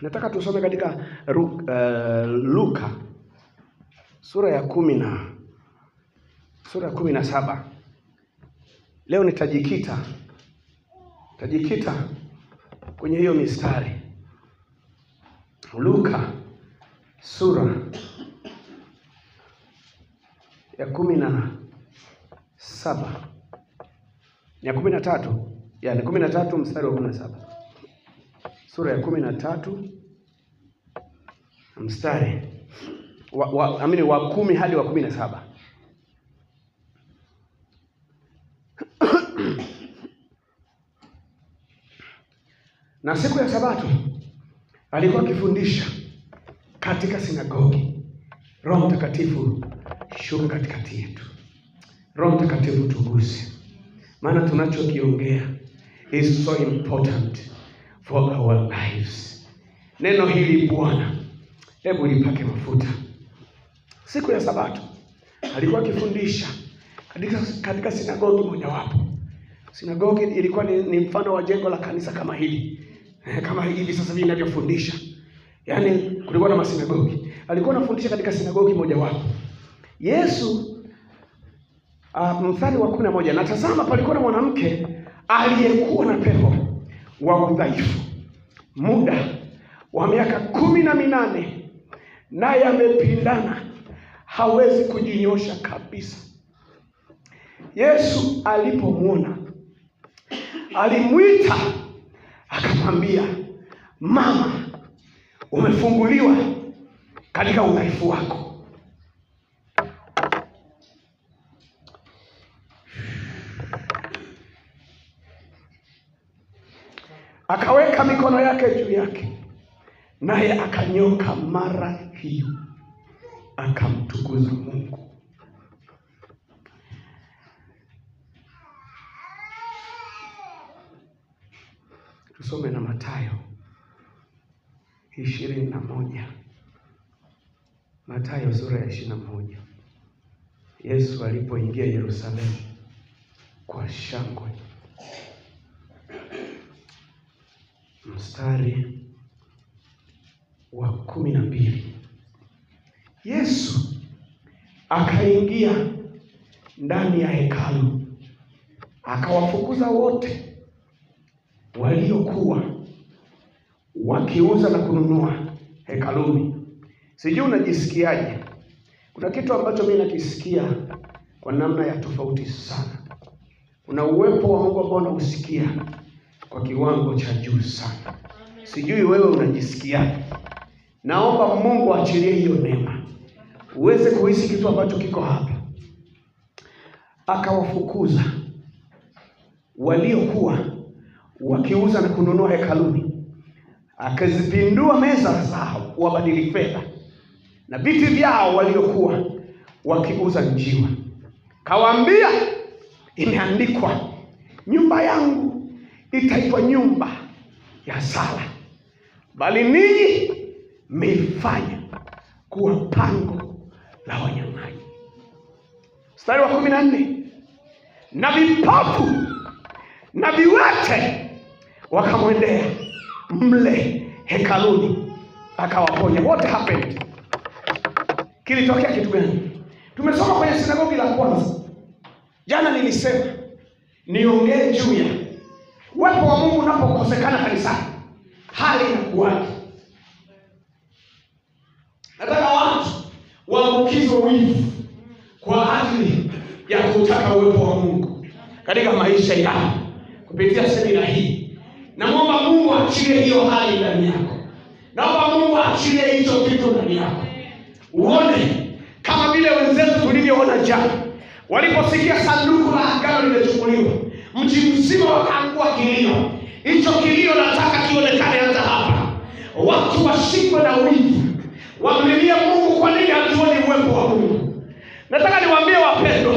Nataka tusome katika uh, Luka sura ya kumi na sura ya kumi na saba. Leo nitajikita tajikita kwenye hiyo mistari Luka sura ya kumi na saba ya kumi na tatu yani kumi na tatu mstari wa kumi na saba sura ya kumi na tatu mstari wa, wa, amini wa kumi hadi wa kumi na saba na siku ya Sabato alikuwa akifundisha katika sinagogi. Roho Mtakatifu shuka katikati yetu. Roho Mtakatifu tuguse, maana tunachokiongea is so important for our lives. Neno hili Bwana, hebu lipake mafuta. Siku ya Sabato alikuwa akifundisha katika, katika sinagogi mojawapo. Sinagogi ilikuwa ni, ni mfano wa jengo la kanisa kama hili eh, kama hivi sasa vinavyofundisha, yaani kulikuwa na masinagogi. Alikuwa anafundisha katika sinagogi mojawapo Yesu uh, mstari wa kumi na moja natazama palikuwa na mwanamke aliyekuwa na pepo wa udhaifu muda wa miaka kumi na minane naye amepindana, hawezi kujinyosha kabisa. Yesu alipomwona alimwita, akamwambia mama, umefunguliwa katika udhaifu wako. akaweka mikono yake juu yake, naye akanyoka mara hiyo, akamtukuza Mungu. Tusome na Mathayo ishirini na moja. Mathayo sura ya ishirini na moja. Yesu alipoingia Yerusalemu kwa shangwe mstari wa kumi na mbili Yesu akaingia ndani ya hekalu akawafukuza wote waliokuwa wakiuza na kununua hekaluni. Sijui unajisikiaje? Kuna kitu ambacho mimi nakisikia kwa namna ya tofauti sana. Kuna uwepo wa Mungu ambao unausikia kwa kiwango cha juu sana. Sijui wewe unajisikiaje? Naomba Mungu achilie hiyo neema, uweze kuhisi kitu ambacho kiko hapa. Akawafukuza waliokuwa wakiuza na kununua hekaluni, akazipindua meza zao wabadili fedha na viti vyao waliokuwa wakiuza njiwa. Kawaambia, imeandikwa nyumba yangu itaitwa nyumba ya sala, bali ninyi mmeifanya kuwa pango la wanyang'anyi. Mstari wa kumi na nne, na vipofu na viwete wakamwendea mle hekaluni akawaponya. What happened? Kilitokea kitu gani? Tumesoma kwenye sinagogi la kwanza jana, nilisema niongee juu ya uwepo wa Mungu unapokosekana kanisani, hali inakuwaje? Nataka watu waambukizwe wivu kwa ajili ya kutaka uwepo wa Mungu katika maisha yao kupitia semina hii. Namwomba Mungu achilie hiyo hali ndani yako, naomba Mungu achilie hicho kitu ndani yako, uone kama vile wenzetu tulivyoona jana waliposikia sanduku la agano limechukuliwa mji mzima wakaangua kilio. Hicho kilio nataka kionekane hata hapa, watu washikwe na wingi wamlilie Mungu, kwa nini hatuoni uwepo wa Mungu? Nataka niwaambie wapendwa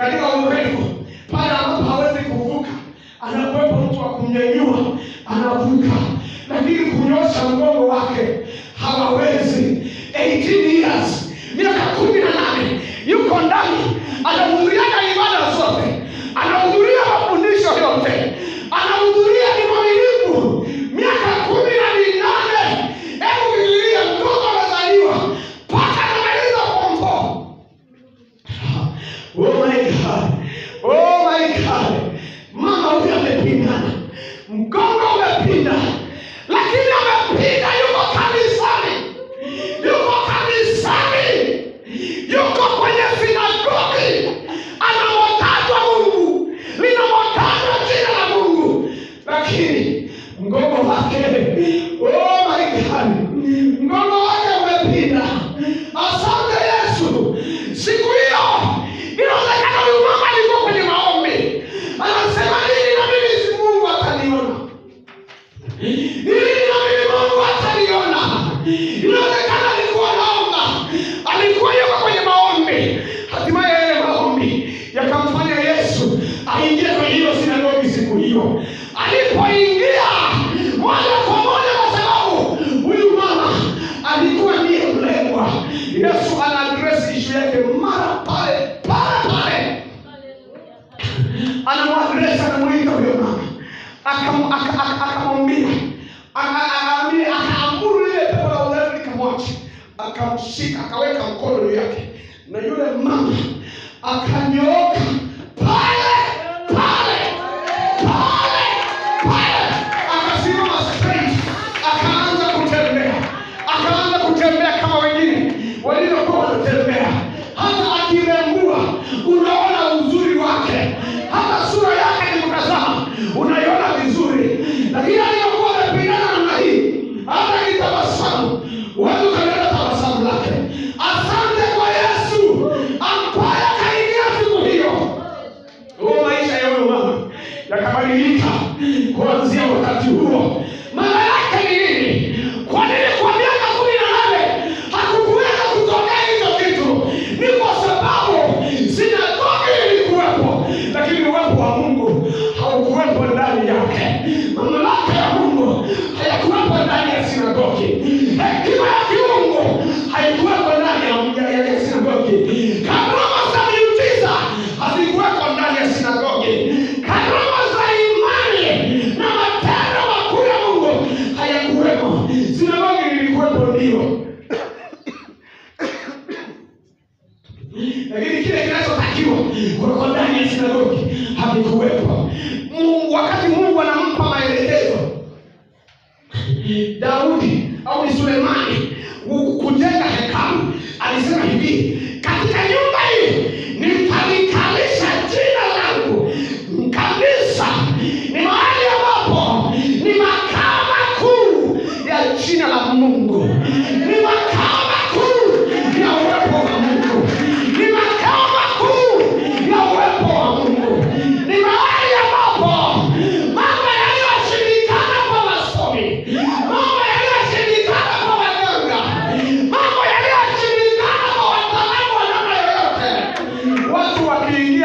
katika urefu pale ambapo hawezi kuvuka, anakuwepo mtu wa kumnyanyua, anavuka, lakini kunyosha mgongo wake hawawezi. 18 years, miaka kumi na nane yuko ndani, anahudhuria ibada zote ana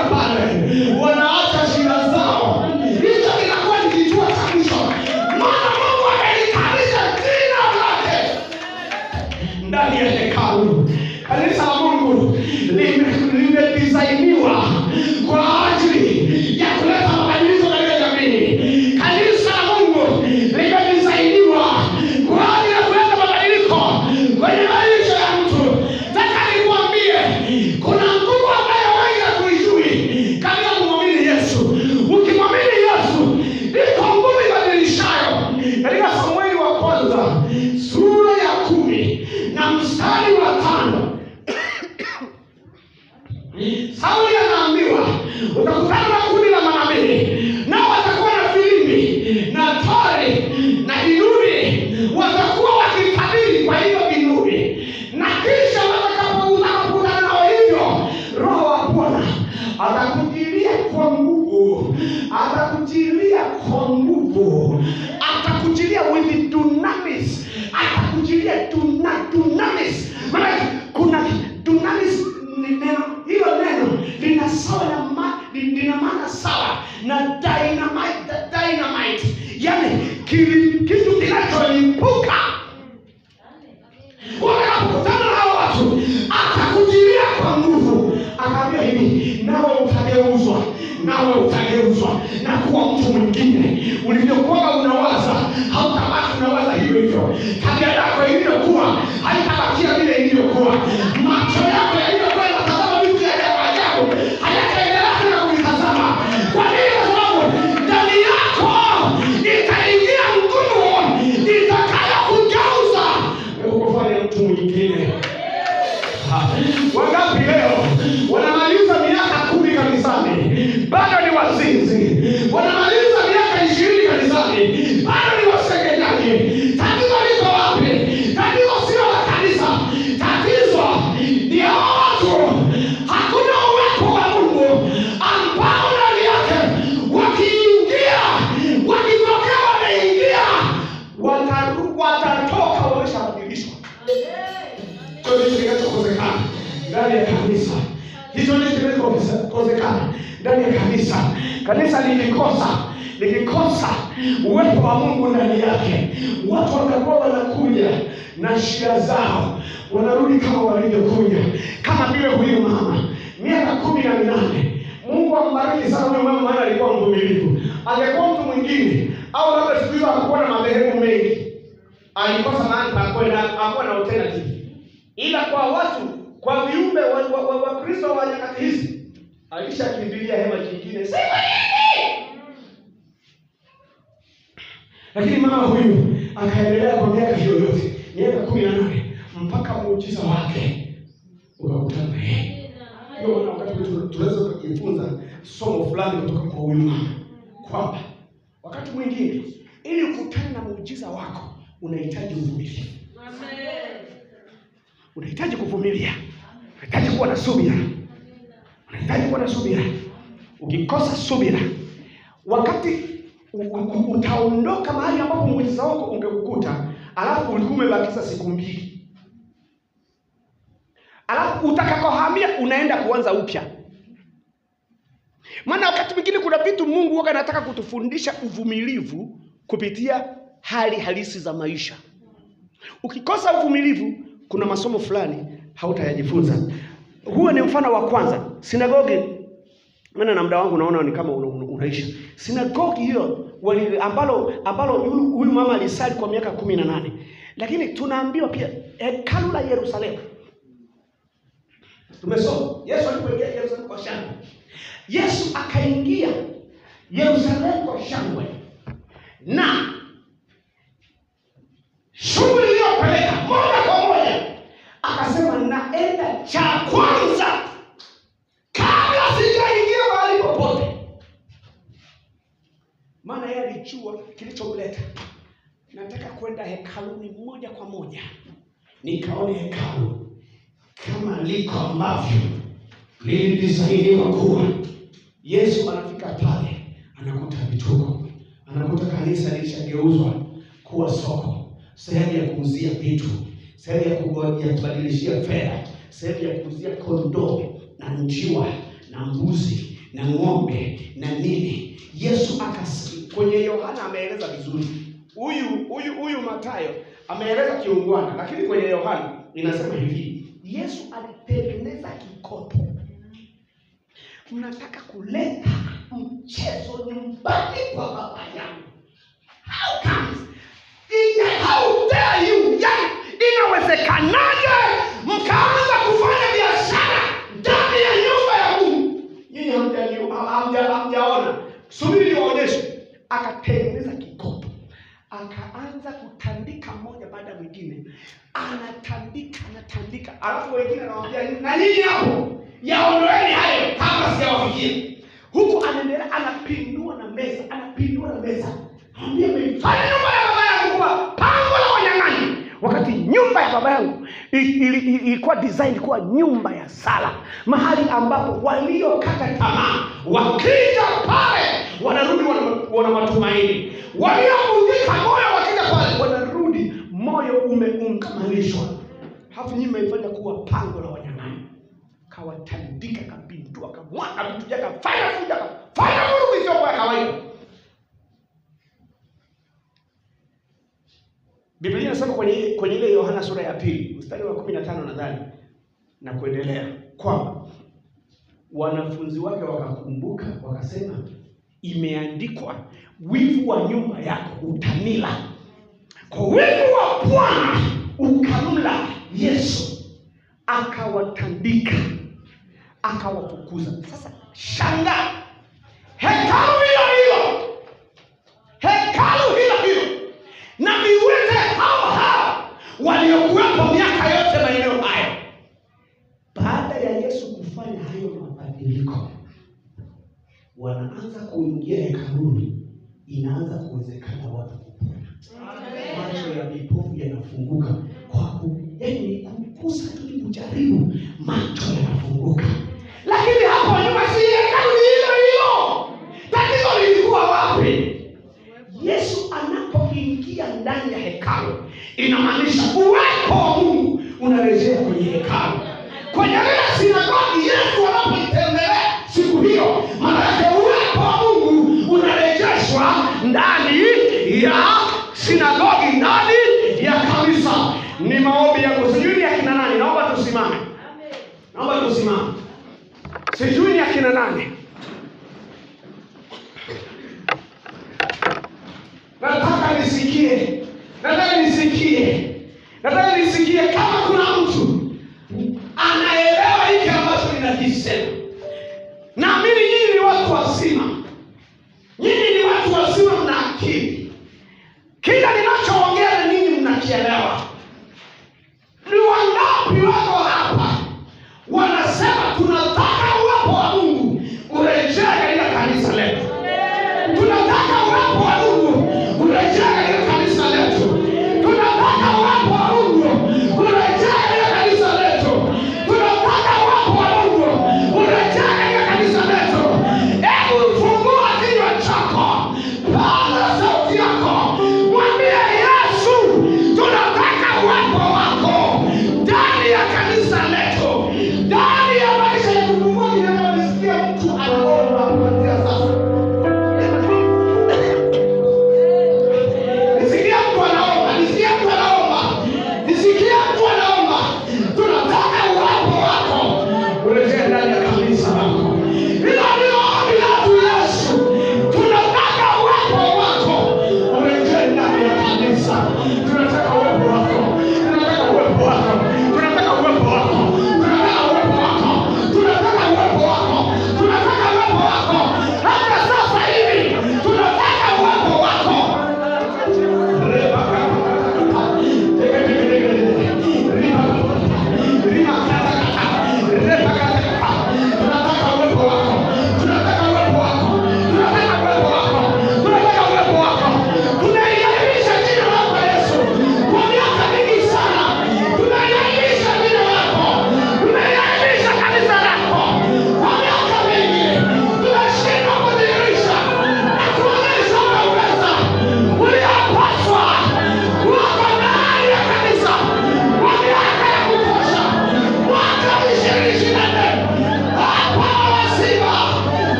atrapalhem. When I atakutilia kwa nguvu nikikosa nikikosa uwepo wa Mungu ndani yake, watu watakuwa wanakuja na shida zao, wanarudi kama walivyokuja, kama vile huyu mama miaka kumi na minane. Mungu ambariki sana huyu mama, maana alikuwa mvumilivu. Angekuwa mtu mwingine au labda siku hizo hakuwa na madhehebu mengi, alikosa mahali pa kwenda, hakuwa na alternative, ila kwa watu, kwa viumbe wa Kristo wa nyakati hizi alishakimbilia hema jingine, sema Lakini mama huyu akaendelea kwa miaka hiyo yote, miaka kumi na nane mpaka muujiza wake ukakutana na wakati tunaweza kujifunza somo fulani kutoka kwa huyu mama kwamba wakati mwingine ili ukutane na muujiza wako unahitaji uvumilivu, unahitaji kuvumilia, unahitaji kuwa na subira, unahitaji kuwa na subira. Ukikosa subira wakati utaondoka mahali ambapo muujiza wako ungekukuta, alafu ulikuwa umebakiza siku mbili, alafu utakakohamia unaenda kuanza upya. Maana wakati mwingine kuna vitu Mungu huwa anataka kutufundisha uvumilivu kupitia hali halisi za maisha. Ukikosa uvumilivu, kuna masomo fulani hautayajifunza. Huo ni mfano wa kwanza sinagogi maana na muda wangu naona ni kama unaisha. Sinagogi hiyo ambalo ambalo huyu mama alisali kwa miaka kumi na nane, lakini tunaambiwa pia hekalu la Yerusalemu. Tumesoma Yesu alipoingia Yerusalemu kwa shangwe, Yesu akaingia Yerusalemu kwa shangwe na shughuli iliyopeleka moja kwa moja akasema naenda chao kilichomleta. Nataka kwenda hekaluni moja kwa moja nikaone hekalu kama liko ambavyo lilidisainiwa kuwa. Yesu anafika pale, anakuta vituko, anakuta kanisa lilishageuzwa kuwa soko, sehemu ya kuuzia vitu, sehemu ya kubadilishia fedha, sehemu ya kuuzia kondoo na njiwa na mbuzi na ng'ombe na nini Yesu akasi kwenye Yohana ameeleza vizuri. Huyu huyu huyu Mathayo ameeleza kiungwana, lakini kwenye Yohana inasema hivi, Yesu alitengeneza kikopo. Mnataka kuleta mchezo nyumbani kwa baba yangu. How comes? How dare you? Yaani, inawezekanaje mkaanza kufanya biashara ndani ya nyumba ya Mungu? Nyinyi hamjajua, subiri waonyeshe. Akatengeneza kikopo, akaanza kutandika moja baada ya mwingine, anatandika anatandika, alafu wengine anawaambia na nini hapo, yaondoeni hayo kama sijawafikia. Huku anaendelea anapindua na meza, anapindua na meza, anambia mmeifanya nyumba ya baba yangu kuwa pango la wanyang'anyi, wakati nyumba ya baba yangu ilikuwa design kuwa nyumba ya sala, mahali ambapo waliokata tamaa wakija pale wanarudi wana matumaini, waliovunjika moyo wakija pale wanarudi moyo umeungamanishwa. Halafu nyinyi mmeifanya kuwa pango la wanyang'anyi, kawatandika, kapindua, akamwaka vitu vyake, kafanya fujo, kafanya vurugu isiyokuwa ya kawaida. Biblia inasema kwenye kwenye ile Yohana sura ya pili mstari wa kumi na tano nadhani na kuendelea kwamba wanafunzi wake wakakumbuka, wakasema, imeandikwa, wivu wa nyumba yako utanila. Kwa wivu wa Bwana ukamla Yesu, akawatandika akawafukuza. Sasa shanga hekalu hilo hilo hekalu hilo hilo na viwete hao hao waliokuwa katika yote maeneo hayo. Baada ya Yesu kufanya hayo mabadiliko, wanaanza kuingia hekaluni, inaanza kuwezekana watu kupona, macho ya vipofu yanafunguka kwa yaani kumgusa tu, kujaribu, macho yanafunguka. Lakini hapo nyuma si hekalu hilo hilo, tatizo lilikuwa wapi? Yesu anapoingia ndani ya hekalu, inamaanisha uwepo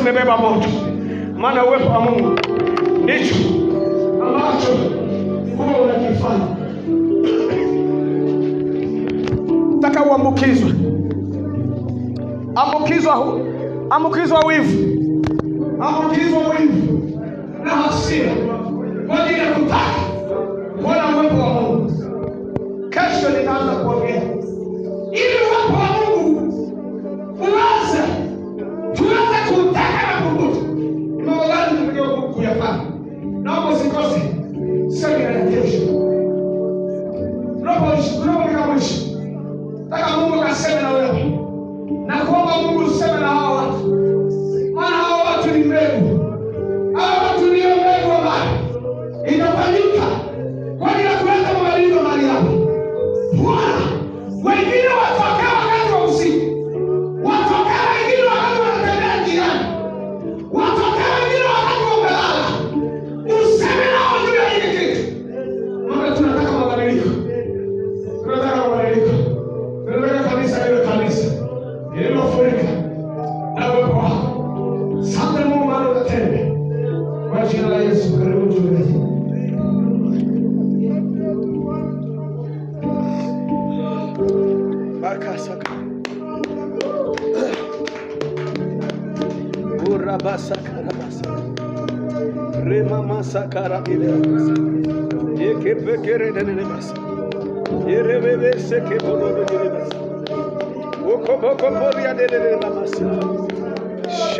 zimebeba moto, maana uwepo wa Mungu ndicho ambacho huwa unakifanya. Taka uambukizwe, ambukizwa, ambukizwa wivu, ambukizwa wivu na hasira kwa ajili ya kutaka kuona uwepo wa Mungu. Kesho nitaanza kuongea ili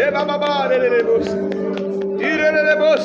Sheba baba lelebos. Irelebos.